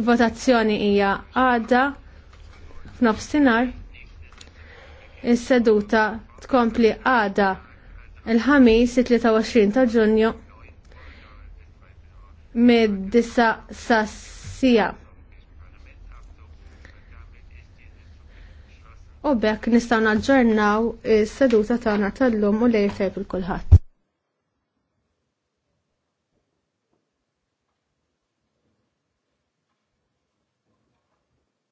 Votazzjoni hija għada f'nofsinhar. Is-seduta tkompli għada il-ħamis 23 ta' Ġunju mid-disa sassija. U bekk nistgħu naġġornaw is-seduta tagħna tal-lum u lejl tajb kulħadd.